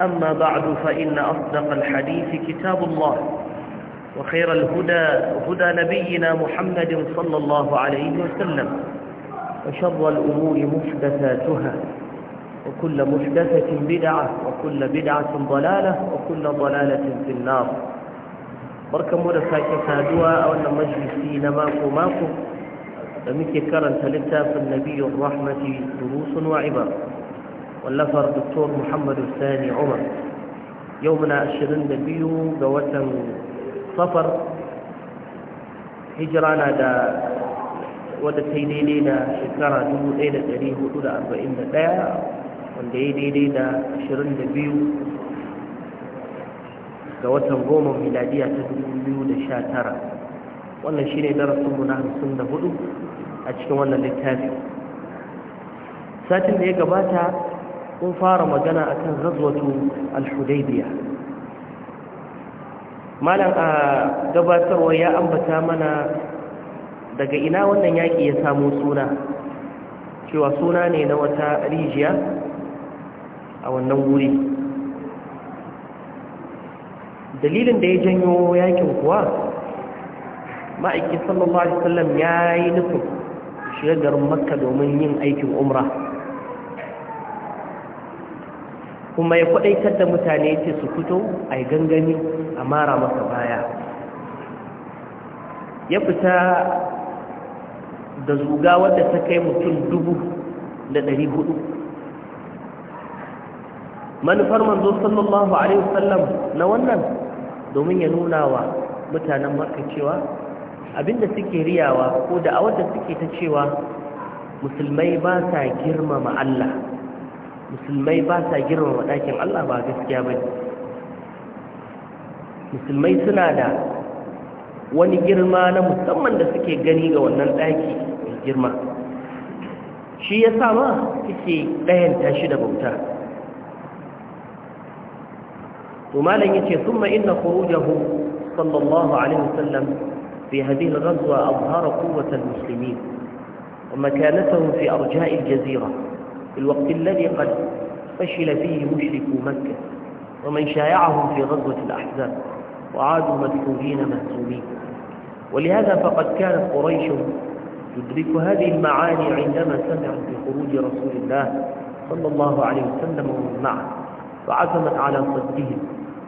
أما بعد فإن أصدق الحديث كتاب الله وخير الهدى هدى نبينا محمد صلى الله عليه وسلم وشر الأمور محدثاتها وكل محدثة بدعة وكل بدعة ضلالة وكل ضلالة في النار بركم ورساك سادوا أو مجلسي نماكو ماكو لمكي كرنت لتاف النبي الرحمة دروس وعبر wallafar dr muhammadu sani umar yau muna biyu ga watan safar hijira na da wadda ta yi daidai da shekara 1441 wanda ya daidai da ashirin da biyu ga watan goma miladiya ta 2019 wannan shi ne darasinmu na 54 a cikin wannan littafi satin da ya gabata mun fara magana akan zazwatu al-hudaybiya malam a gabatarwa ya ambata mana daga ina wannan yaƙi ya samu suna cewa suna ne na wata rijiya a wannan wuri dalilin da ya janyo yakin kuwa ma'aikin sallallahu alaihi wasallam ya yi nufin shigar makka domin yin aikin umra kuma ya kwadaitar da mutane ce su fito a yi gangami a mara masa baya ya fita da zuga wadda ta kai mutum dubu da ɗari hudu manufar manzo sallallahu alaihi wasallam na wannan domin ya nuna wa mutanen marka cewa abinda suke riyawa ko da a wadda suke ta cewa musulmai ba sa girmama Allah musulmai ba sa girman wadakin Allah ba gaskiya ba musulmai suna da wani girma na musamman da suke gani ga wannan daki mai girma shi ya sama suke ɗayanta shi da bauta tumalin ya ce sun ma'ina kurujahu sallallahu alaihi wasallam fi hadin ranzuwa abu hara kowatar musulmi ومكانته في أرجاء الجزيرة في الوقت الذي قد فشل فيه مشرك مكة ومن شايعهم في غزوة الأحزاب وعادوا مدفوعين مهزومين ولهذا فقد كانت قريش تدرك هذه المعاني عندما سمعت بخروج رسول الله صلى الله عليه وسلم ومن معه فعزمت على صدهم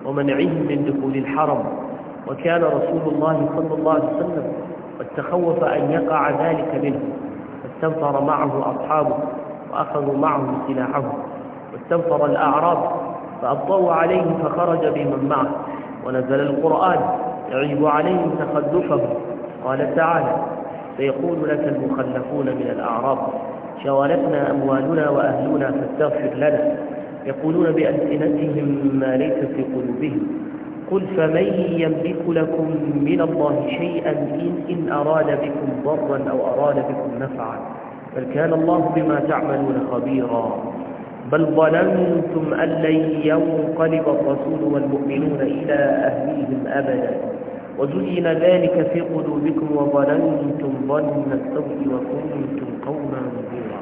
ومنعهم من دخول الحرم وكان رسول الله صلى الله عليه وسلم قد تخوف أن يقع ذلك منه فاستنفر معه أصحابه وأخذوا معهم سلاحهم واستنفر الأعراب فأبطوا عليه فخرج بمن معه ونزل القرآن يعيب عليهم تخلفهم قال تعالى سيقول لك المخلفون من الأعراب شوالتنا أموالنا وأهلنا فاستغفر لنا يقولون بألسنتهم ما ليس في قلوبهم قل فمن يملك لكم من الله شيئا إن, إن أراد بكم ضرا أو أراد بكم نفعا بل كان الله بما تعملون خبيرا بل ظننتم أن لن ينقلب الرسول والمؤمنون إلى أهليهم أبدا وزين ذلك في قلوبكم وظننتم ظن السوء وكنتم قوما مبيرا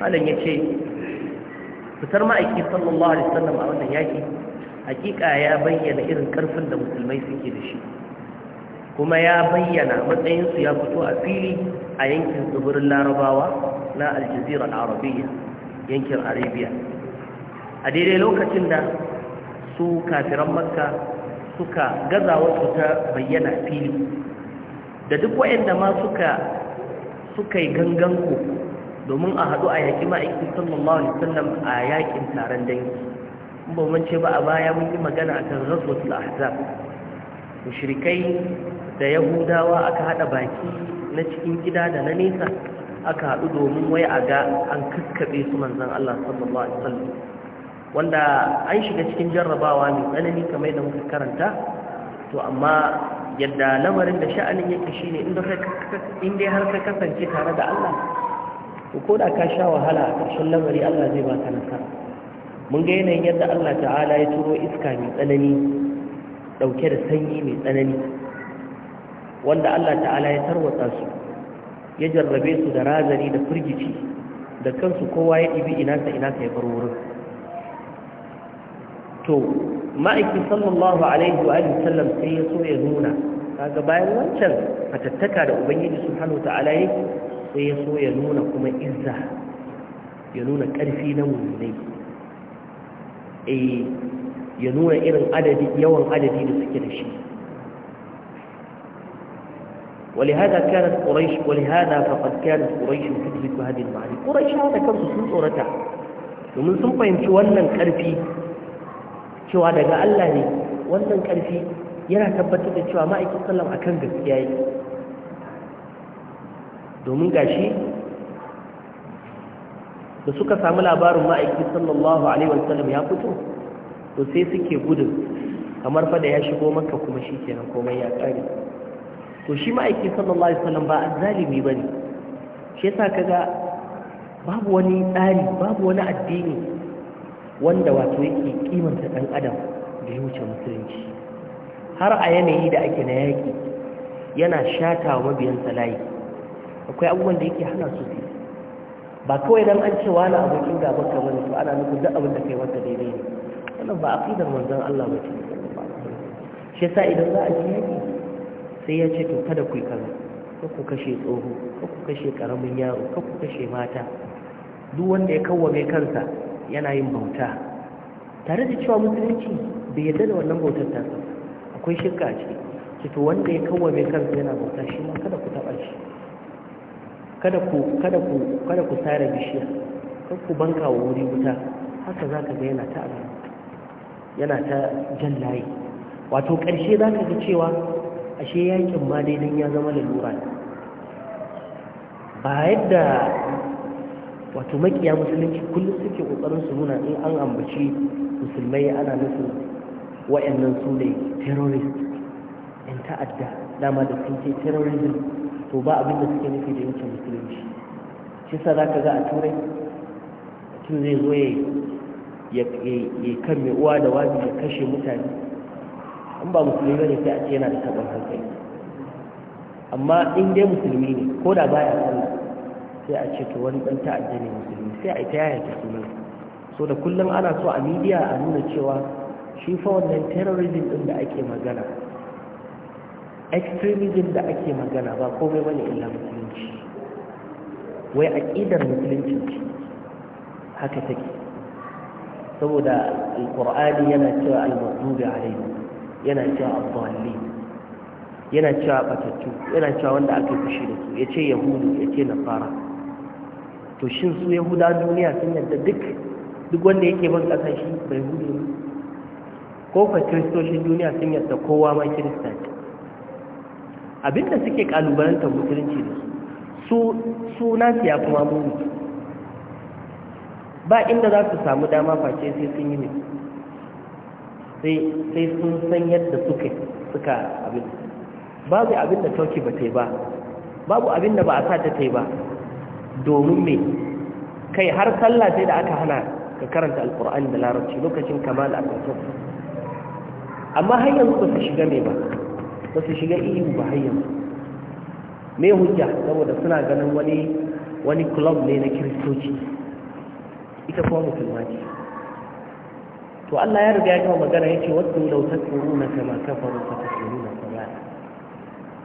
قال شيخ فتر ما sallallahu صلى الله عليه وسلم yaki hakika ya bayyana irin karfin da musulmai suke da shi kuma ya bayyana matsayinsu ya fito a fili a yankin tsibirin larabawa na aljazira arabiya yankin arabiya a daidai lokacin da su kafiran makka suka gaza wasu ta bayyana fili da duk waɗanda ma suka suka yi ganganku domin a haɗu a yaƙi ma'aikin sallallahu alaihi wasallam a yaƙin taron dangi in ba mun ce ba a baya mun yi magana akan rasul ahzab mushrikai da yahudawa aka haɗa baki na cikin gida da na nesa aka haɗu domin wai a ga an kaskabe su manzan Allah sallallahu Alaihi wasallam wanda an shiga cikin jarrabawa mai tsanani kamar da muka karanta to amma yadda lamarin da sha'anin yake shi ne inda har ka kasance tare da Allah ko da ka sha wahala a ƙarshen lamari Allah zai ba nasara mun ga yanayin yadda Allah ta'ala ya turo iska mai tsanani ɗauke da sanyi mai tsanani wanda Allah ta'ala ya tarwatsa su ya jarrabe su da razani da firgici da kansu kowa ya ɗibi inasa inasa ya bar wurin to ma'aiki sallallahu alaihi wa sallam sai ya so ya nuna kaga bayan wancan fatattaka da ubangiji subhanahu ta'ala yake sai ya so ya nuna kuma izza ya nuna ƙarfi na mummai eh ya nuna irin adadi yawan adadi da suke da shi ولهذا كانت قريش ولهذا فقد كانت قريش تدرك هذه المعاني قريش هذا كان سن تورتا domin sun fahimci wannan karfi cewa daga Allah ne wannan karfi yana tabbatar da cewa ma'aikin sallam akan gaskiya yake domin gashi da suka samu labarin ma'aikin sallallahu alaihi wasallam ya fito to sai suke gudun kamar faɗa ya shigo maka kuma shi kenan komai ya kare to shi ma'aiki sallallahu alaihi wasallam ba azzalimi bane shi yasa kaga babu wani tsari babu wani addini wanda wato yake kimanta dan adam da yuce musulunci har a yanayi da ake na yaki yana shata wa mabiyansa layi akwai abubuwan da yake hana su ba kawai dan an ce wani abokin gaban ka bane to ana nufin duk abin da kai wata daidai ne wannan ba aqidar manzon Allah ba ce shi yasa idan za a ji yaki sai ya ce to kada ku yi kaza ka ku kashe tsoho ka ku kashe karamin yaro ka ku kashe mata duk wanda ya kawwame kansa yana yin bauta tare da cewa musulunci bai yarda da wannan bautar ta akwai shirka a ciki ce to wanda ya kawwame kansa yana bauta shi ma kada ku taɓa shi kada ku kada ku kada ku sare bishiya kada ku banka wa wuri wuta haka zaka ga yana ta yana ta jan layi wato ƙarshe zaka ga cewa ashe yakin ma daidan ya zama lalura ba yadda wato makiya musulunci kullum suke kokarin su nuna in an ambaci musulmai ana nufin wayannan su ne terrorist ta'adda dama da sun ce terrorism to ba abin da suke nufi da yankin musulunci shi sa za ka ga a turai tun zai zo ya kan mai uwa da wajen ya kashe mutane in ba musulmi ne sai a ce yana da taɓar hankali amma in dai musulmi ne ko da baya sallah sai a ce to wani ɗan ta'adda ne musulmi sai a yi ta yaya ta sunan so da kullum ana so a midiya a nuna cewa shi fa wannan terrorism ɗin da ake magana extremism da ake magana ba komai bane illa musulunci wai aƙidar musulunci ce haka take saboda alƙur'ani yana cewa al-maghdubi alaihim yana cewa abdalli yana cewa batattu yana cewa wanda aka fushi da su ya ce yahudu na fara. to shin su yahuda duniya sun yadda duk duk wanda yake ban kasa shi bai hudu ne ko fa kiristoshin duniya sun yadda kowa ma kirista ne abinda suke kalubalantar musulunci da su su nasu ya kuma muni ba inda za su samu dama face sai sun yi ne sai sun san yadda suka suka abin babu abin da tauki ba tai ba babu abin da ba a sata ta tai ba domin me kai har sallah sai da aka hana ka karanta alkur'ani da larabci lokacin kamal al-rasul amma har yanzu ba su shiga me ba ba su shiga iyu ba har yanzu me hujja saboda suna ganin wani wani club ne na kiristoci ita kuma musulmanci to Allah ya riga ya kawo magana yace wadda law tasruna kama kafaru fa tasruna sama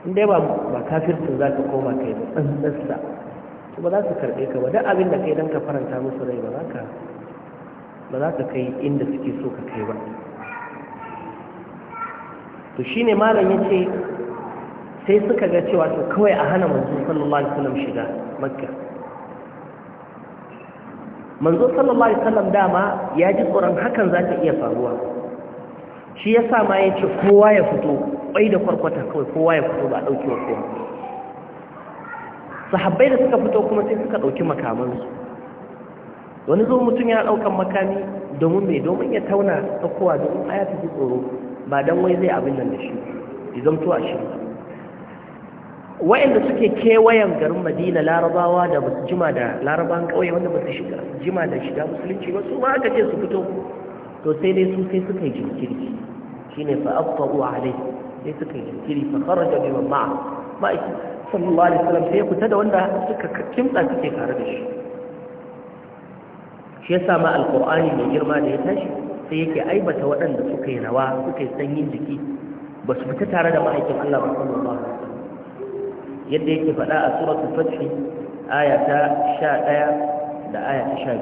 in dai ba ba kafircin zaka koma kai ba tsantsasta to ba za su karbe ka ba don abin da kai dan ka faranta musu rai ba za ka ba za ka kai inda suke so ka kai ba to shine malam yace sai suka ga cewa to kawai a hana manzo sallallahu alaihi wasallam shiga makka manzo sallallahu alaihi wasallam dama ya ji tsoron hakan za ta iya faruwa shi ya sa ma ya ce kowa ya fito ƙwai da kwarkwata kawai kowa ya fito ba a ɗauki wa kowa sahabbai da suka fito kuma sai suka ɗauki makamansu wani zo mutum ya ɗaukan makami domin mai domin ya tauna kowa domin a ya tafi tsoro ba don wai zai abin nan da shi ya zamto a shirya Wa'inda suke kewayen garin madina larabawa da ba su jima da larabawan ƙauye wanda ba su shiga jima da shiga musulunci ba su ma aka ce su fito to sai dai su sai suka yi jinkiri ne fa afqahu alai sai suka yi jinkiri fa kharaja bi ma'a ma'a sallallahu alaihi wasallam sai ya kuta da wanda suka kimtsa suke tare da shi shi yasa ma alkur'ani mai girma da ya tashi sai yake aibata waɗanda suka yi rawa suka yi sanyin jiki ba su fita tare da ma'aikin Allah ba sallallahu alaihi wasallam yadda yake faɗa a suratul fath aya ta 11 da aya ta 12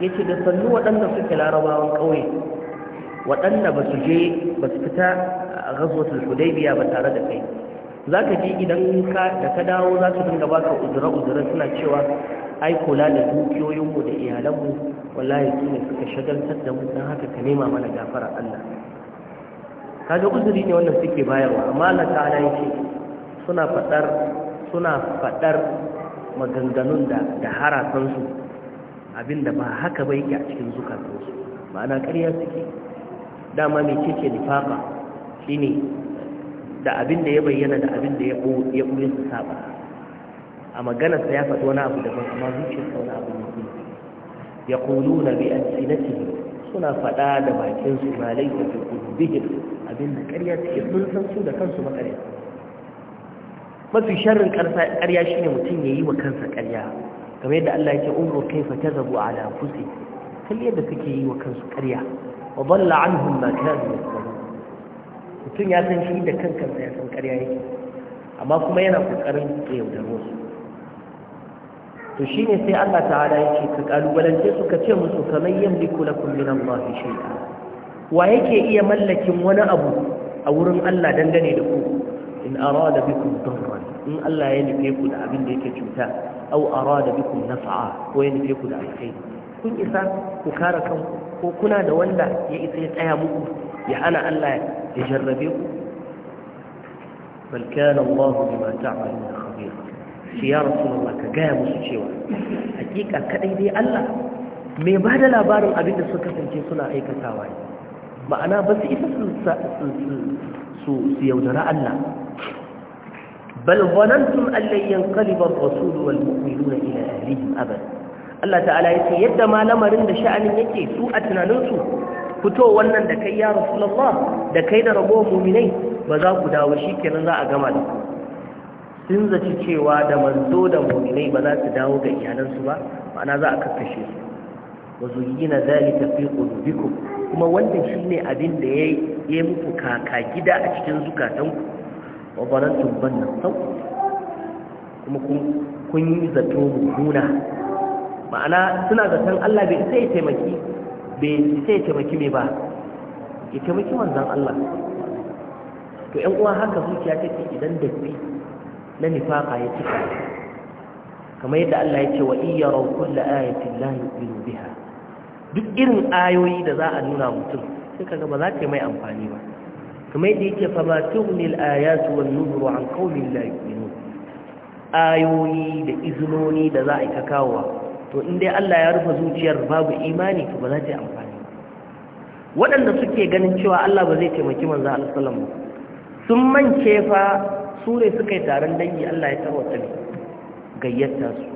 yace da sannu waɗanda suke larabawan ƙauye waɗanda ba su je ba su fita a ghazwatul hudaybiya ba tare da kai zaka ji idan ka da ka dawo za su dinga baka uzura uzura suna cewa ai kula da dukiyoyinmu da iyalanmu wallahi su ne suka shagaltar da mu don haka ka nema mana gafara Allah kaga uzuri ne wannan suke bayarwa amma Allah ta'ala yake suna faɗar suna faɗar maganganun da da harasansu abinda ba haka ba yake a cikin su ma'ana ƙarya suke dama mai cece nifafa shine da abinda ya bayyana da ya bu ya ɓoye su saba a maganarsa ya faɗi wani abu daban amma zuciyarsa wani abu ne ya kulu na bi alsinatihim suna faɗa da bakinsu ma laifa fi qulubihim Abinda ƙarya suke sun san su da kansu maƙarya mafi sharrin ƙarya shine mutum ya yi wa kansa ƙarya kamar yadda Allah ya ce umru kaifa kazabu ala anfusi kalli yadda suke yi wa kansu ƙarya wa dalla anhum ma kanu yasbaru mutum ya san shi da kan kansa ya san ƙarya yake amma kuma yana kokarin ya yaudaro su to shine sai Allah ta'ala yake ka kalubalance su ka ce musu kamar yamliku lakum min mafi shay'a wa yake iya mallakin wani abu a wurin Allah dangane da ku arada bikum darran in Allah ya nufe ku da abin da yake cuta aw arada bikum naf'a ko ya nufe ku da kun isa ku kare kanku ko kuna da wanda ya isa ya tsaya muku ya hana Allah ya jarrabe ku bal kana Allah bima ta'maluna khabir shi ya rasulullah ka gaya musu cewa hakika kadai dai Allah mai ba da labarin abin da suka kasance suna aikatawa ne ma'ana ba su isa su yaudara Allah bal zanantum allan yanqaliba ar-rasul wal mu'minuna ila ahlihim abada Allah ta'ala ce yadda ma lamarin da sha'anin yake su a tunaninsu fito wannan da kai ya rasulullah da kai da ragowar mu'minai ba za ku dawo kenan za a gama da ku sun zaci cewa da manzo da muminai ba za su dawo ga iyalansu ba ma'ana za a kakkashe su wa zuyina zalika fi qulubikum kuma wannan shi ne abin da ya yi muku kaka gida a cikin zukatanku wa barantun na sau kuma kun yi zato nuna. ma'ana suna zaton Allah bai sai taimaki bai sai taimaki mai ba ya taimaki wanzan Allah to 'yan uwa haka zuciya take idan fi na nifaka ya cika kamar yadda Allah ya ce wa iyyaru kullu ayatin lahi biyu biha duk irin ayoyi da za a nuna mutum sai kaga ba za ta mai amfani ba kuma yadda yake fa ma al ayatu wal nuzuru an qawli la yu'minun ayoyi da izinoni da za a ka kawowa to in dai Allah ya rufe zuciyar babu imani to ba za ta amfani waɗanda suke ganin cewa Allah ba zai taimaki manzo Allah sallallahu sun mance fa su ne suka yi taron dangi Allah ya tarwata gayyata su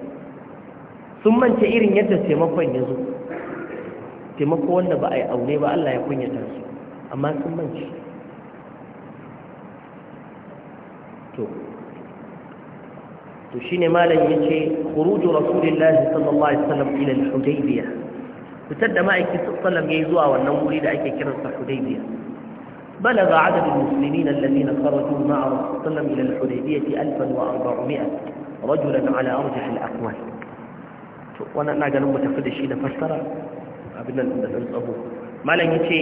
sun mance irin yadda taimakon ya zo taimako wanda ba a yi aure ba Allah ya kunyata su amma sun manci to to shine malam yace khuruju rasulillahi sallallahu alaihi wasallam ila al fitar da ma'aikin ya yi zuwa wannan wuri da ake kiransa hudaybiyah بلغ عدد المسلمين الذين خرجوا مع رسول الله إلى الحديبية 1400 To wannan أرجح الأقوال وانا da shi da fassara. abin nan da ɗan tsaho malam ya ce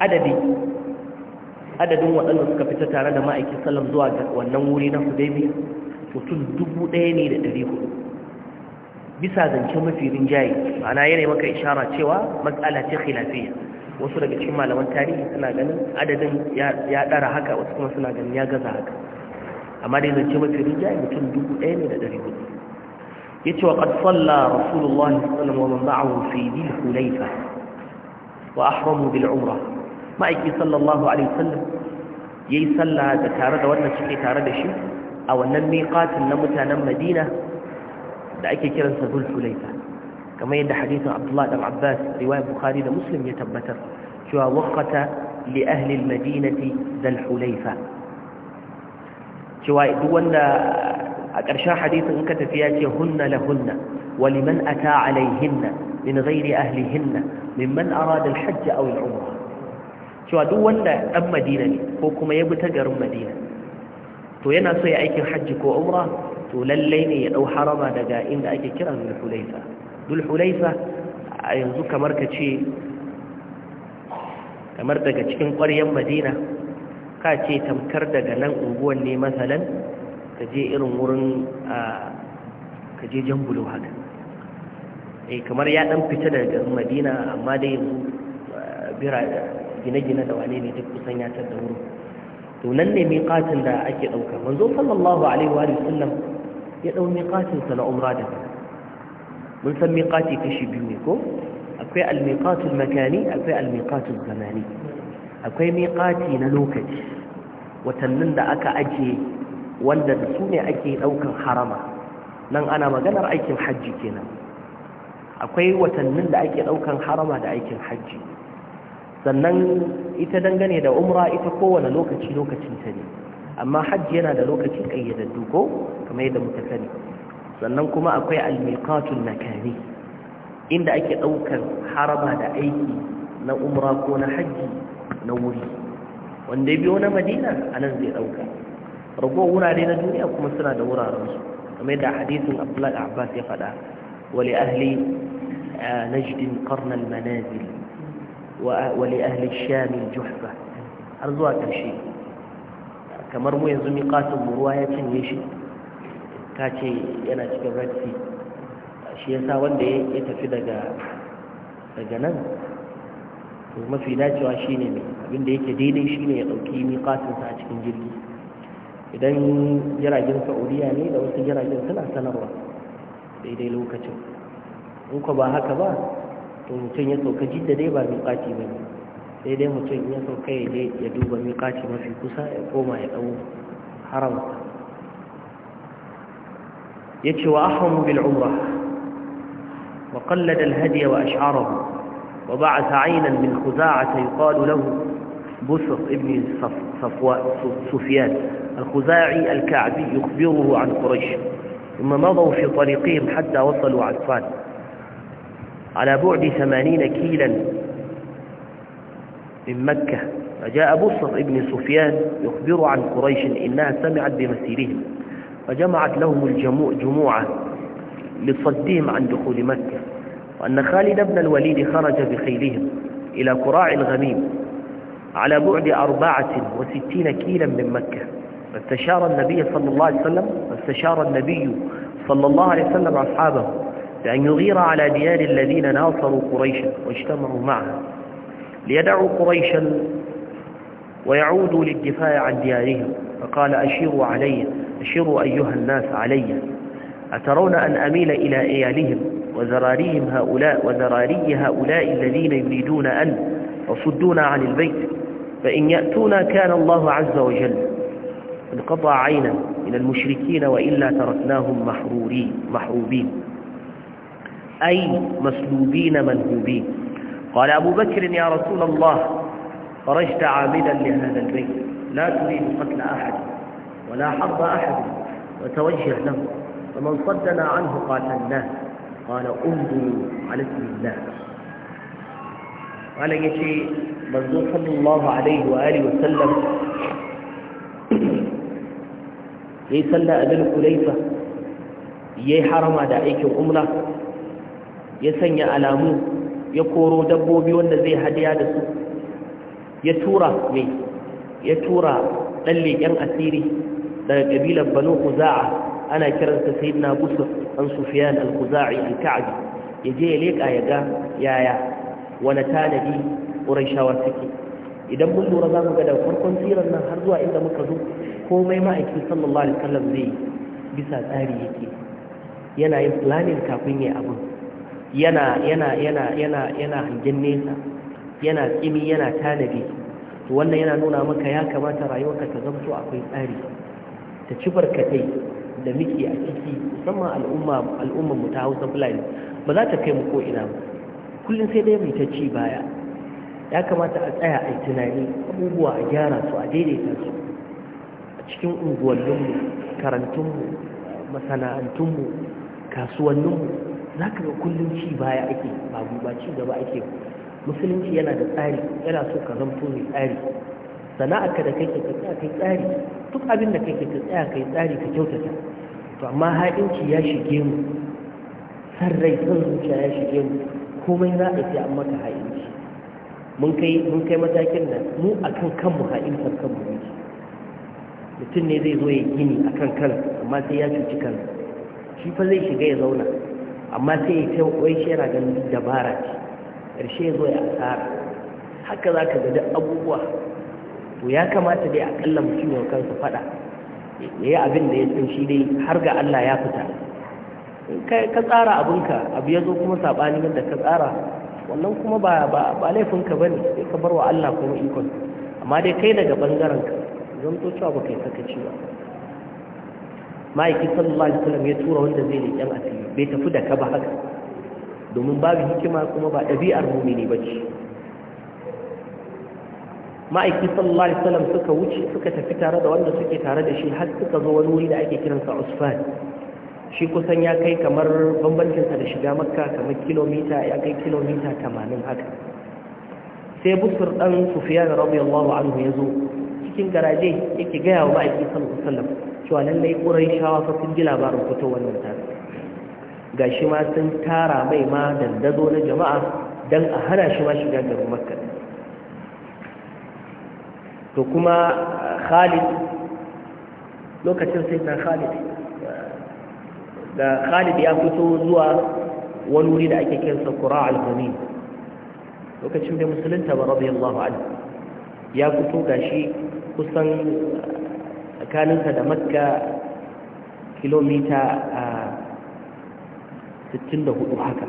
adadi adadin waɗanda suka fita tare da ma'aikin salam zuwa ga wannan wuri na hudaibi mutum dubu ɗaya ne da ɗari hudu bisa zance mafi rinjaye ma'ana yana maka ishara cewa matsala ce khilafiyya wasu daga cikin malaman tarihi suna ganin adadin ya ɗara haka wasu kuma suna ganin ya gaza haka amma dai zance mafi rinjaye mutum dubu ɗaya ne da ɗari hudu يتوى قد صلى رسول الله صلى الله عليه وسلم ومن معه في ذي الحليفة وأحرموا بالعمرة ما يكي صلى da tare da wannan تتارد tare da shi a wannan النميقات na mutanen مدينة da ake kiransa zulhulaifa kamar yadda hadisin abdullahi dan abbas riwaya bukhari da muslim ya tabbatar cewa waqata li ahli almadinati zulhulaifa cewa duk wanda a ƙarshen hadisin in ka tafi ya ce hunna la hunna wa liman ata alaihinna min ghairi ahlihinna mimman arada al aw al cewa duk wanda dan Madina ne ko kuma ya bi ta garin Madina to yana so ya aikin hajji ko umra to lallai ne ya dau harama daga inda ake kira Zulhulaifa Zulhulaifa yanzu kamar ka ce kamar daga cikin ƙwaryar Madina ka ce tamkar daga nan unguwan ne masalan ka je irin wurin ka je jan bulo haka eh kamar ya dan fita daga garin madina amma dai yanzu eh, bira gine-gine da wane ne duk kusan ya tar da wurin to nan ne miƙatin da ake ɗauka manzo sallallahu alaihi wa sallam ya ɗau miƙatin sa na umra da mun san miƙati kashi biyu ne ko akwai almiqatul makani akwai almiqatul zamani akwai miƙati na lokaci watannin da aka ajiye wanda da su ne ake ɗaukan harama nan ana maganar aikin hajji kenan akwai watannin da ake ɗaukan harama da aikin hajji sannan ita dangane da umra ita kowane lokaci lokacin ta ne amma hajji yana da lokaci ƙayyadaddu ko kamar yadda muka sani sannan kuma akwai almiqatul makani inda ake ɗaukar harama da aiki na umra ko na hajji na wuri wanda ya biyo na madina anan zai ɗauka ragowar wurare na duniya kuma suna da wurarensu kamar yadda hadisin abdullahi abbas ya faɗa wali ahli najdin karnal manazil wali ahli shamin juhfa har zuwa ƙarshe kamar mu yanzu miƙatin mu ruwa ya cinye shi ka ce yana cikin red shi ya sa wanda ya tafi daga nan mafi dacewa shine mai abinda yake daidai shine ya ɗauki miƙatinsa a cikin jirgi idan jiragen saudiya ne da wasu jiragen suna sanarwa daidai lokacin in ko ba haka ba to mutum ya sauka jidda dai ba miƙaci ba ne sai dai mutum ya sauka ya je ya duba miƙaci mafi kusa ya koma ya ɗau haramta ya ce wa ahramu bil umra wa qallada al hadiya wa ash'arahu wa ba'atha 'aynan min khuza'ata yuqalu lahu busr ibn safwa sufyan الخزاعي الكعبي يخبره عن قريش ثم مضوا في طريقهم حتى وصلوا عدفان على بعد ثمانين كيلا من مكة فجاء بصر ابن سفيان يخبر عن قريش إنها سمعت بمسيرهم فجمعت لهم الجموعة لصدهم عن دخول مكة وأن خالد بن الوليد خرج بخيلهم إلى كراع الغميم على بعد أربعة وستين كيلا من مكة فاستشار النبي صلى الله عليه وسلم فاستشار النبي صلى الله عليه وسلم أصحابه بأن يغير على ديار الذين ناصروا قريشا واجتمعوا معها ليدعوا قريشا ويعودوا للدفاع عن ديارهم فقال أشيروا علي أشيروا أيها الناس علي أترون أن أميل إلى إيالهم وذراريهم هؤلاء وذراري هؤلاء الذين يريدون أن يصدون عن البيت فإن يأتونا كان الله عز وجل انقطع عينا من المشركين وإلا تركناهم محرورين محروبين أي مسلوبين منهوبين قال أبو بكر يا رسول الله خرجت عاملا لهذا البيت لا تريد قتل أحد ولا حرب أحد وتوجه له فمن صدنا عنه قاتلناه قال انظروا على اسم الله قال يجي منذ صلى الله عليه وآله وسلم ya yi sallah a zan ya yi harama da aikin umra ya sanya alamu ya koro dabbobi wanda zai hadiya da su ya tura ya tura ɗan leƙen asiri daga ƙabilar banu kuza'a ana kiransa sai na busur an sufiyan al-kuza'i al-ka'abi ya je ya leƙa ya ga yaya wani tanadi ƙurashawa suke idan mun lura za mu ga daga farkon sirar nan har zuwa inda muka zo komai ma'aikin sallallahu alaihi wasallam zai bisa tsari yake yana yin planning kafin ya abu yana yana yana yana yana hangen nesa yana tsimi yana tanadi to wannan yana nuna maka ya kamata rayuwarka ta zamto akwai tsari ta ci barkatai da muke a ciki musamman al'umma al'ummar mu ta Hausa Fulani ba za ta kai mu ko ina ba kullun sai dai mu ta ci baya ya kamata a tsaya a tunani abubuwa a gyara su a daidaita su a cikin unguwanninmu karantunmu masana'antunmu kasuwanninmu za ka ga kullum ci baya ake babu ba ci gaba ake musulunci yana da tsari yana so ka zamto mai tsari sana'arka da kake ka tsaya kai tsari duk abin da kake ka tsaya kai tsari ka kyautata to amma haɗinci ya shige mu san rai san zuciya ya shige mu komai za a ce an maka haɗi mun kai mun kai matakin da mu akan kanmu ha'intar kanmu ne mutum ne zai zo ya gini akan kan amma sai ya cuci kan shi fa zai shiga ya zauna amma sai ya ce wai shi yana ganin dabara ce ƙarshe ya zo ya asara haka za ka ga abubuwa to ya kamata dai akalla mutum ya kansa faɗa ya yi abin da ya san shi dai har ga Allah ya fita ka tsara abinka abu ya zo kuma saɓanin da ka tsara wannan kuma ba ba laifinka ba ne sai ka bar wa Allah kuma ikon amma dai kai daga bangaren ka zanto cewa ba kai saka ba ma'aikin sallallahu alaihi wasallam ya tura wanda zai leƙen asiri bai tafi da ka ba haka domin babu hikima kuma ba ɗabi'ar mumini ba ce ma'aiki sallallahu alaihi wasallam suka wuce suka tafi tare da wanda suke tare da shi har suka zo wani wuri da ake kiransa usfan shi kusan ya kai kamar bambancinsa da shiga makka kamar kilomita ya kai kilomita tamanin haka sai busur ɗan sufiya da rabu wa anhu ya zo cikin garaje yake gaya wa ma'aiki sallallahu sallam cewa yi ƙurai shawa fasin ji labarin fito wannan tare ga shi ma sun tara mai ma dandazo na jama'a don a hana shi ma shiga garin makka to kuma khalid lokacin sai na khalid da khalid ya fito zuwa wani wuri da ake kiransa qura al-ghamim lokacin da musulunta ba radiyallahu anhu ya fito gashi kusan uh, tsakaninsa da makka kilomita 64 uh, haka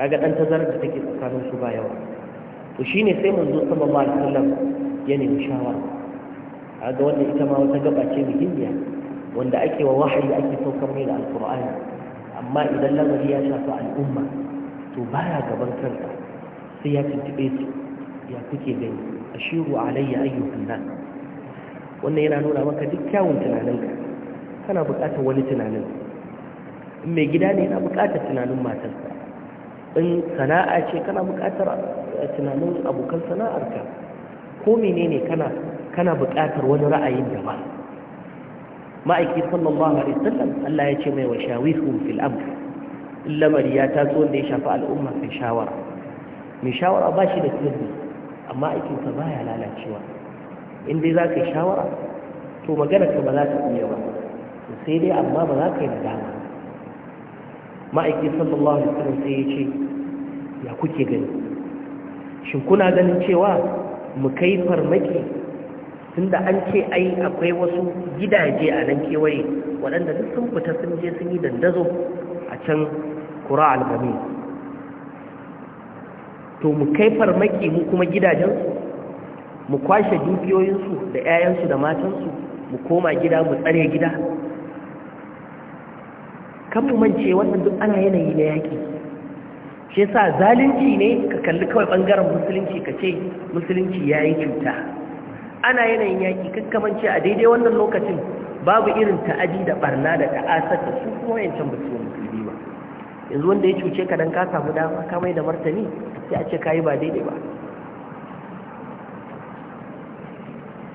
kaga dan tazarar da take tsakanin su ba yawa to ne sai manzo sallallahu alaihi wasallam ya nemi shawara ga wannan ita ma wata gaba ce muhimmiya wanda ake wa wahayi ake saukar mai da alkur'ani amma idan lamari ya shafi al'umma to baya gaban kanka sai ya tuntube su ya kuke gani a shiru alayya ayyukan nan wannan yana nuna maka duk kyawun tunaninka kana buƙatar wani tunanin mai gida ne yana buƙatar tunanin matarsa in sana'a ce kana buƙatar eh, tunanin abokan sana'arka ko menene kana kana buƙatar wani ra'ayin da ba ma'aiki sallallahu alaihi wasallam Allah ya ce mai wa shawithum fil amr lamari ya taso wanda ya shafi al'umma sai shawara mai shawara ba shi da sirri amma aikinsa baya lalacewa in dai za ka yi shawara to magana ka ba za ta iya ba sai dai amma ba za ka yi nadama ma'aikin sallallahu alaihi wasallam sai ya ce ya kuke gani shin kuna ganin cewa mu kai farmaki Tun da an ce ai akwai wasu gidaje a nan kewaye waɗanda duk sun fita sun je sun yi dandazo a can kura albami to mu kai farmaki mu kuma gidajensu mu kwashe dukiyoyinsu da 'ya'yansu da matansu mu koma gida mu tsare gida kan mu mance wannan duk ana yanayi na yaƙi shi yasa zalunci ne ka kalli kawai ɓangaren musulunci ka ce musulunci ya yi cuta ana yanayin yaƙi kakkamance a daidai wannan lokacin babu irin ta'adi da barna da ta'asar da su kuma yancan ba su yi musulmi ba yanzu wanda ya cuce ka don ka samu dama ka da martani sai a ce kayi ba daidai ba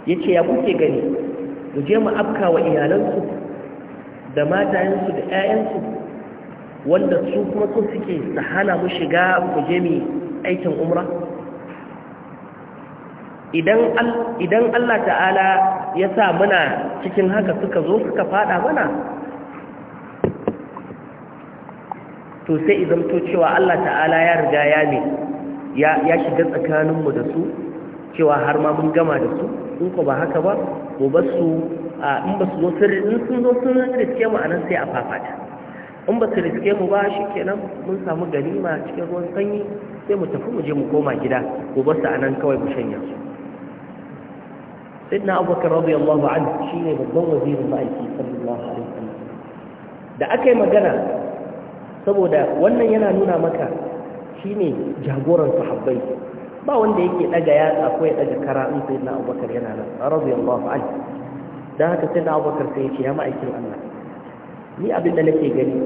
ya ce ya kuke gani mu je mu afka wa iyalansu da matayensu da 'ya'yansu wanda su kuma sun suke su hana mu shiga mu je aikin umra idan Allah ta'ala ya sa muna cikin haka suka zo suka fada mana to sai to cewa Allah ta'ala ya riga ya ne ya shiga tsakaninmu da su cewa har ma mun gama da su in ko ba haka ba ko ba su in ba su zo sun in sun zo sun riske mu anan sai a fafata in ba su riske mu ba kenan mun samu ganima cikin ruwan sanyi sai mu tafi mu je mu koma gida ko ba su anan kawai mu shanya su sayyidina abubakar radiyallahu anhu shine babban wazirin ma'aiki sallallahu alaihi wasallam da aka yi magana saboda wannan yana nuna maka shine jagoran sahabbai ba wanda yake daga yatsa ko ya daga kara in sayyidina abubakar yana nan radiyallahu anhu dan haka sayyidina abubakar sai ya ce ya ma'aikin Allah ni abin da nake gani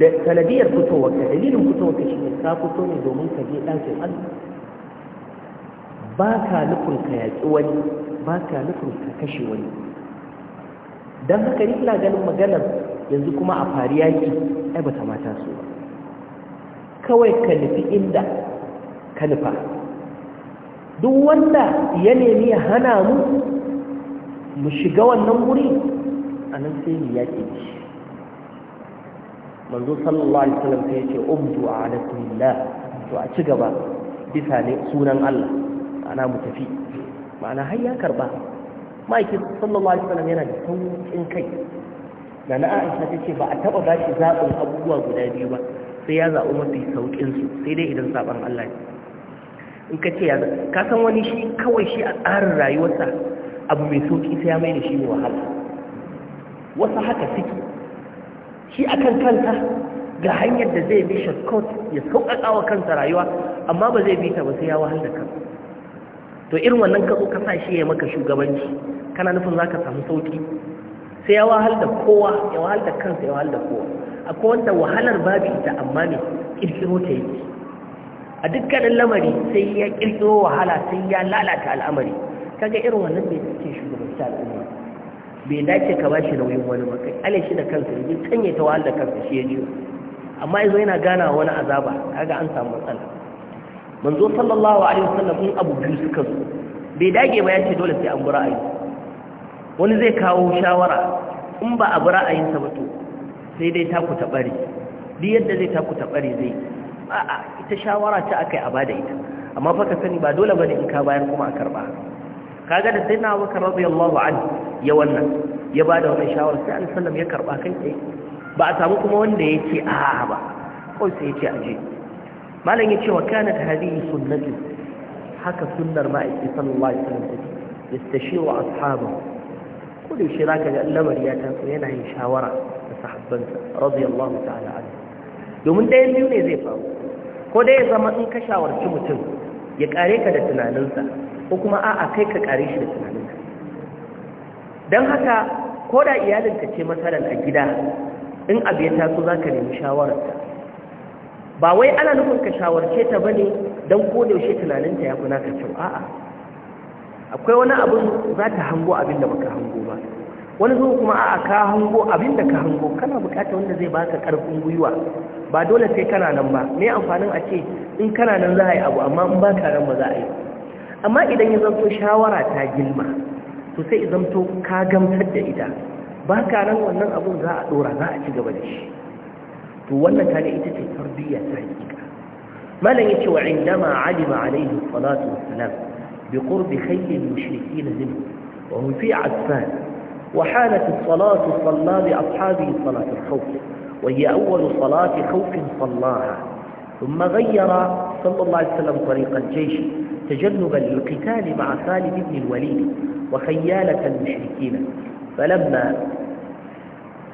da sanadiyar fitowarka dalilin fitowarka shine ka fito ne domin ka je ɗakin Allah ba ka nufin ka yaƙi wani ba ka nufin ka kashe wani don haka ni ina ganin maganar yanzu kuma a fari yaƙi ai ba ta mata su ba kawai ka nufi inda ka nufa duk wanda ya nemi ya hana mu mu shiga wannan wuri a nan sai mu yaƙi shi manzo sallallahu alaihi wasallam sai ya ce umdu ala sunnillah to a ci gaba bisa ne sunan Allah ma'ana mu tafi ma'ana har ya karba ma'aikin sallallahu alaihi wasallam yana da saukin kai da na aisha ta ce ba a taɓa bashi zaɓin abubuwa guda biyu ba sai ya zaɓi mafi saukin su sai dai idan zaɓen Allah ne in ka ce ya ka san wani shi kawai shi a tsarin rayuwarsa abu mai sauƙi sai ya mai da shi mai wahala wasu haka suke shi akan kanta ga hanyar da zai bi shakkot ya sauƙaƙa wa kansa rayuwa amma ba zai bi ta ba sai ya wahala kansa to irin wannan ka zo ka sa shi ya maka shugabanci kana nufin za ka samu sauki sai ya wahal da kowa ya wahal da kansa ya wahal da kowa akwai wanda wahalar babu ita amma ne kirkiro ta yake a dukkanin lamari sai ya kirkiro wahala sai ya lalata al'amari kaga irin wannan bai dace shugabanci al'umma bai dace ka ba shi nauyin wani ba kai ale shi da kansa yaje canye ta wahala da kansa shi ya jiyo amma yanzu yana gana wani azaba kaga an samu matsala manzo sallallahu alaihi wasallam in abu biyu suka zo bai dage ba ya ce dole sai an bi ra'ayi wani zai kawo shawara in ba a bi ra'ayinsa ba to sai dai ta ku tabari duk yadda zai ta ku tabari zai a'a ita shawara ta akai a bada ita amma fa ka sani ba dole bane in ka bayar kuma a karba kaga da sai na sayyidina Abubakar radiyallahu anhu ya wannan ya bada wannan shawara sai Annabi sallallahu ya karba kai tsaye ba a samu kuma wanda yake a'a ba kawai sai yake aje malam ya ce wa kanat hadhihi sunnatu haka sunnar ma'aiki sallallahu alaihi wasallam take wa ashabu ko da shi zaka ga lamar ya taso yana yin shawara da sahabbansa radiyallahu ta'ala anhu domin ɗayan biyu ne zai faru ko dai ya zama in ka shawarci mutum ya kare ka da tunaninsa ko kuma a'a kai ka kare shi da tunaninka don haka ko da iyalinka ce matsalar a gida in abu ya taso za ka nemi shawararta ba wai ana nufin ka shawarce ta bane don ko da tunaninta ya kuna ka kyau a'a akwai wani abin za ta hango abin da baka hango ba wani zo kuma a'a ka hango abin da ka hango kana bukatar wanda zai baka karfin gwiwa ba dole sai kana nan ba me amfanin a ce in kana nan za a yi abu amma in ba ka nan ba za a yi amma idan ya zanto shawara ta gilma to sai ya zanto ka gamsar da ita ba ka nan wannan abun za a dora za a ci gaba da shi to wannan ne ita ce tarbiyya ta hakika malan yace wa indama alima alaihi salatu wassalam bi qurbi khayl mushrikin zin wa hum fi asfan wa halat as-salatu salla bi ashabi salat al-khawf wa hiya awwal salati khawf sallaha ثم غير صلى الله عليه وسلم طريق الجيش تجنبا للقتال مع خالد بن الوليد وخيالة المشركين فلما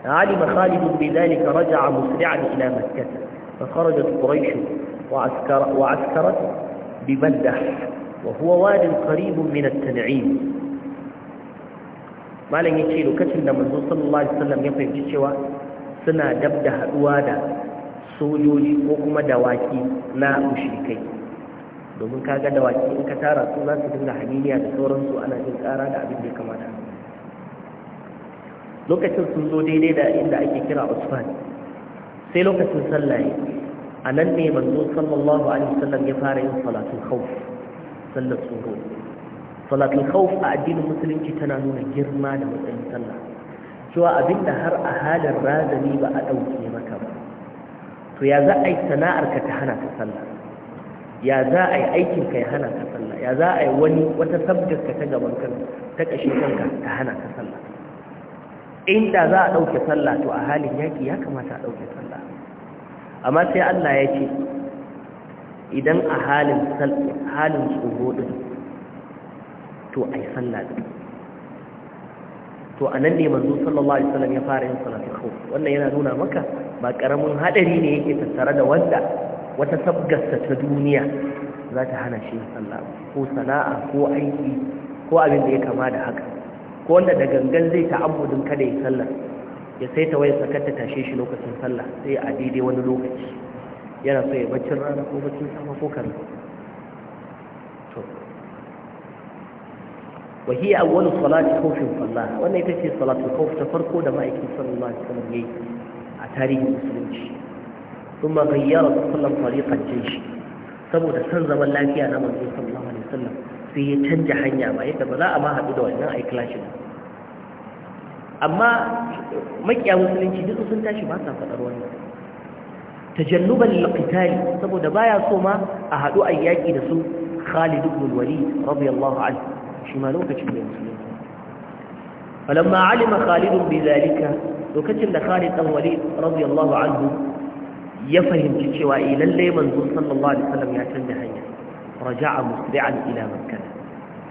علم خالد بذلك رجع مسرعا إلى مكة فخرجت قريش وعسكر وعسكرت بمدح وهو واد قريب من التنعيم malam ya ce lokacin da manzu sallallahu alaihi wasallam ya fahimci cewa suna dab da haduwa da sojoji ko kuma dawaki na mushrikai domin kaga dawaki in ka tara su za su dinga haniniya da sauransu ana jin kara da abin da ya kamata lokacin sun zo daidai da inda ake kira usman sai lokacin sallaye a nan ne manzo sallallahu alaihi wasallam ya fara yin salatul khawf sallar tsoro salatul khawf a addinin musulunci tana nuna girma da matsayin sallah cewa abinda har a halin razani ba a ɗauke maka ba to ya za a yi sana'ar ka ta hana ka sallah ya za a yi aikin ka ya hana ka sallah ya za a yi wani wata sabgar ka ta gaban kan ta ƙashin kanka ta hana ka sallah inda za a ɗauke sallah to a halin yaƙi ya kamata a ɗauke sallah amma sai Allah ya ce idan a halin tsoho ɗin to a yi sallah ɗin to a nan ne manzo sallallahu alaihi wasallam ya fara yin salatu khawf wannan yana nuna maka ba karamin hadari ne yake tattare da wanda wata sabgarsa ta duniya za ta hana shi sallah ko sana'a ko aiki ko abin da ya kama da haka ko wanda da gangan zai ta'ammudin kada ya sallah ya sai ta waya sakar ta tashe shi lokacin sallah sai a daidai wani lokaci yana so ya baccin rana ko baccin sama ko kan to wa hiya awwalu salati khawfin sallah wannan ita ce salatul khawf ta farko da ma'aikin sallallahu alaihi wasallam yayi a tarihin musulunci kuma ghayyara sallan tariqan jinshi saboda san zaman lafiya na manzo sallallahu alaihi wasallam sai ya canja hanya ba yadda ba za a ma haɗu da wannan ai clashin amma makiya musulunci duk sun tashi ba sa faɗar wannan tajannuban liqitali saboda baya so ma a hadu a yaƙi da su Khalid ibn Walid radiyallahu anhu shi ma lokacin da musulunci falamma alima Khalid bi zalika lokacin da Khalid ibn Walid radiyallahu anhu ya fahimci cewa eh lalle manzo sallallahu alaihi wasallam ya canza hanya raja'a musri'an ila makkah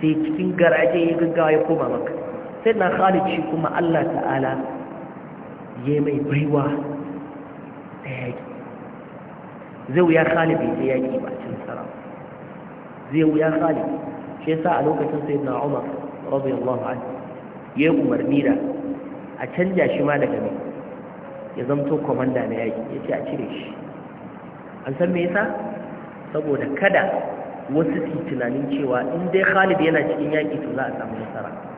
sai cikin garaje ya gaggawa ya koma makkah sai na khalid shi kuma allah ta'ala ya mai baiwa ta yaƙi zai wuya khalid ya yaƙi ba cin tsara. zai wuya khalid shi sa a lokacin sai na umar rabin allahu an ya yi umarni da a canja shi ma daga mai ya zamto kwamanda na yaƙi ya ce a cire shi an san me yasa saboda kada wasu su tunanin cewa in dai khalid yana cikin yaƙi to za a samu nasara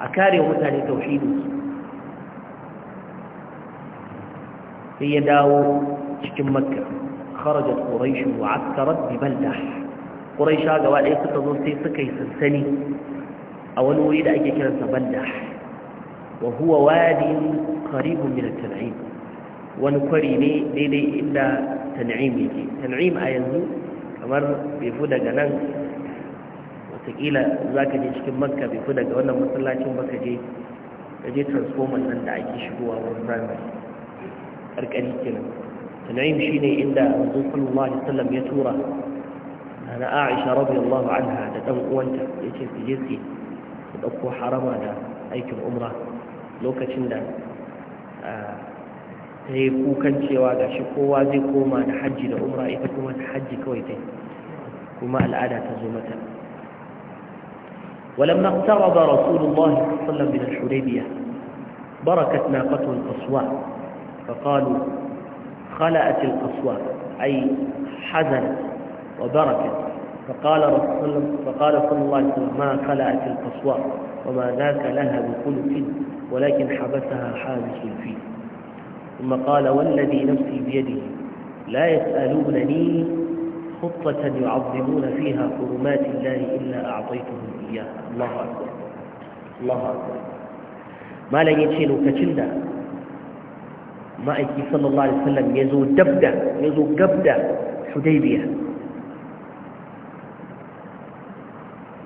a kare mutane tauhidinsu sai ya dawo cikin makka kharajat quraish wa askarat bi balda quraisha gaba ɗaya suka zo sai suka yi sansani a wani wuri da ake kiransa balda wa huwa wadi qaribun min at-tan'im wani kwari ne daidai inda tan'im yake tan'im a yanzu kamar bai fu daga nan watakila za ka je cikin makka bai fi daga wannan masallacin ba ka je ka je transformer nan da ake shigowa wurin primary karkari kenan tanayin shi ne inda manzon sallallahu alaihi wasallam ya tura ana aisha radiyallahu anha da dan uwanta yace su je su dauko harama da aikin umra lokacin da ta yi kukan cewa ga shi kowa zai koma da hajji da umra ita kuma ta hajji kawai ta kuma al'ada ta zo mata ولما اقترب رسول الله صلى الله عليه وسلم من الحديبية بركت ناقته القصواء فقالوا خلأت القصواء أي حزنت وبركت فقال رسول فقال صلى الله عليه وسلم ما خلأت القصواء وما ذاك لها بخلق ولكن حبسها حابس فيه ثم قال والذي نفسي بيده لا يسألونني خطة يعظمون فيها حرمات الله إلا أعطيتهم gaskiya Allahu akbar Allahu akbar lokacin da ma'aiki sallallahu alaihi wasallam ya zo dabda ya zo gabda hudaybiya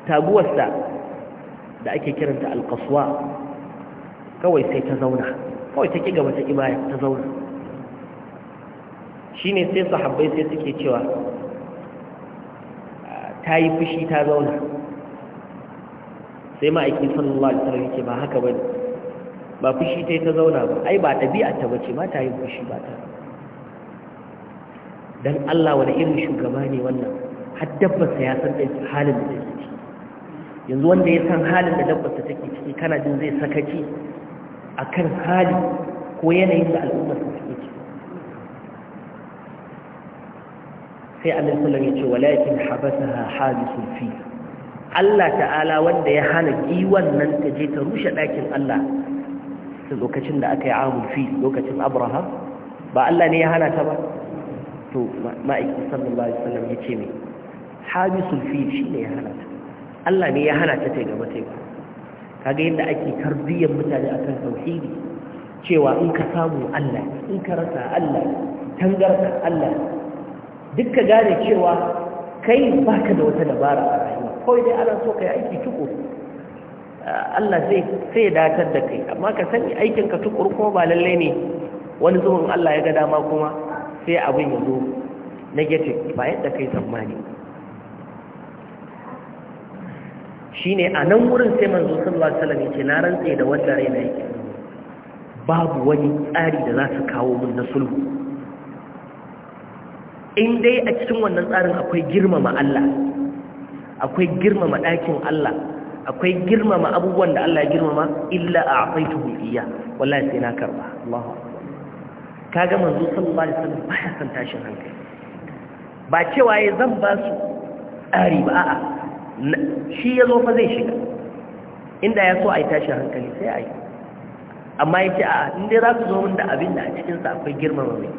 taguwarsa da ake kiranta alkaswa kawai sai ta zauna kawai ta kiga wata ibaya ta zauna Shi ne sai sahabbai sai suke cewa ah, ta yi fushi ta zauna sai ma'aiki sallallahu alaihi wasallam yake ba haka bane ba fushi tai ta zauna ba ai ba tabi'a ta bace ma ta yi fushi ba ta dan Allah wani irin shugaba ne wannan har dabba sa ya san da halin da take ciki yanzu wanda ya san halin da dabba sa take ciki kana jin zai sakaci akan hali ko yanayin da al'ummar sa take ciki sai Allah sallallahu alaihi wasallam ya ce walakin habasaha habisul fi Allah ta'ala wanda ya hana giwan nan ta je ta rushe ɗakin Allah su lokacin da aka yi amul fi lokacin abraham ba Allah ne ya hana ta ba to ma'aiki sallallahu alaihi wasallam ya ce mai habisul fi shi ne ya hana ta Allah ne ya hana ta ta gaba ta ba kaga yadda ake tarbiyyar mutane akan tauhidi cewa in ka samu Allah in ka rasa Allah tangarda Allah duk ka gane cewa kai baka da wata dabara kawai dai ana so ka yi aiki tukur Allah zai sai datar da kai amma ka sani aikin ka tukur kuma ba lalle ne wani zuwan Allah ya ga dama kuma sai abin ya zo negative ba yadda kai tsammani Shi ne a nan wurin sai manzo sallallahu alaihi wasallam yace na rantse da wanda na yake babu wani tsari da za su kawo mun na sulhu in dai a cikin wannan tsarin akwai girmama Allah akwai girmama ɗakin Allah akwai girmama abubuwan da Allah ya girmama illa a'taituhu iyya wallahi sai na karba Allahu kaga manzo sallallahu alaihi wasallam baya san tashin hankali ba cewa ya zan ba su ari ba a'a shi yazo fa zai shiga inda ya so ai tashin hankali sai ai amma ya ce a inda za su zo min da abin da a sa akwai girmama mai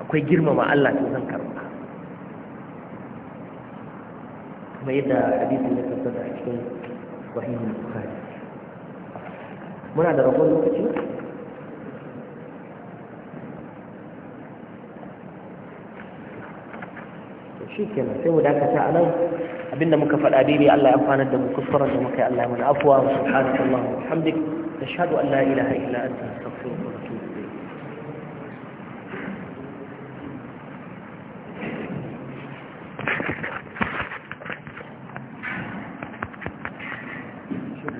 akwai girmama Allah sai zan karba ما يدى حديث اللي تبتدع شيء صحيح البخاري muna da rabon lokaci shi kenan sai mu dakata a nan abinda muka faɗa daidai Allah ya amfanar da mu kuskuren da muka yi Allah ya mana afuwa subhanallahi wa bihamdik nashhadu an la ilaha illa anta astaghfiruka wa atubu